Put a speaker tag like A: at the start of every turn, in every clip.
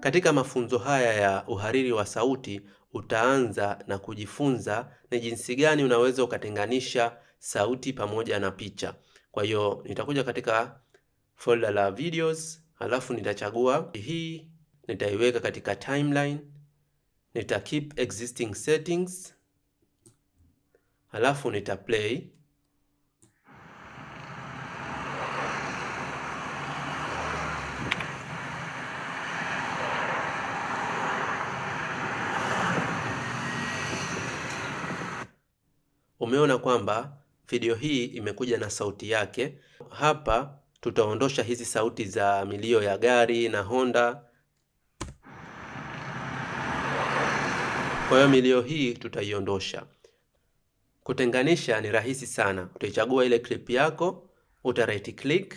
A: Katika mafunzo haya ya uhariri wa sauti utaanza na kujifunza ni jinsi gani unaweza ukatenganisha sauti pamoja na picha. Kwa hiyo nitakuja katika folder la videos, halafu nitachagua hii, nitaiweka katika timeline, nita keep existing settings, halafu nita play. Umeona kwamba video hii imekuja na sauti yake. Hapa tutaondosha hizi sauti za milio ya gari na Honda. Kwa hiyo milio hii tutaiondosha. Kutenganisha ni rahisi sana. Utaichagua ile clip yako, uta right click,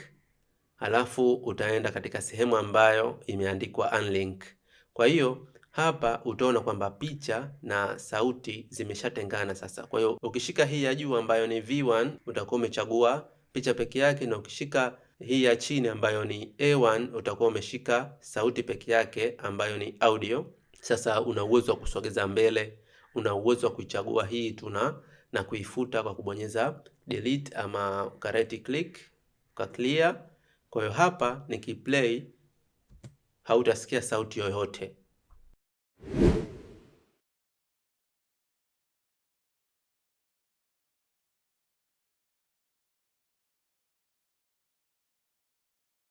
A: alafu utaenda katika sehemu ambayo imeandikwa unlink. Kwa hiyo hapa utaona kwamba picha na sauti zimeshatengana sasa. Kwa hiyo ukishika hii ya juu ambayo ni V1 utakuwa umechagua picha peke yake, na ukishika hii ya chini ambayo ni A1 utakuwa umeshika sauti peke yake ambayo ni audio. Sasa una uwezo wa kusogeza mbele, una uwezo wa kuichagua hii tuna na kuifuta kwa kubonyeza delete ama uka right click uka clear. Kwa hiyo hapa nikiplay hautasikia sauti yoyote.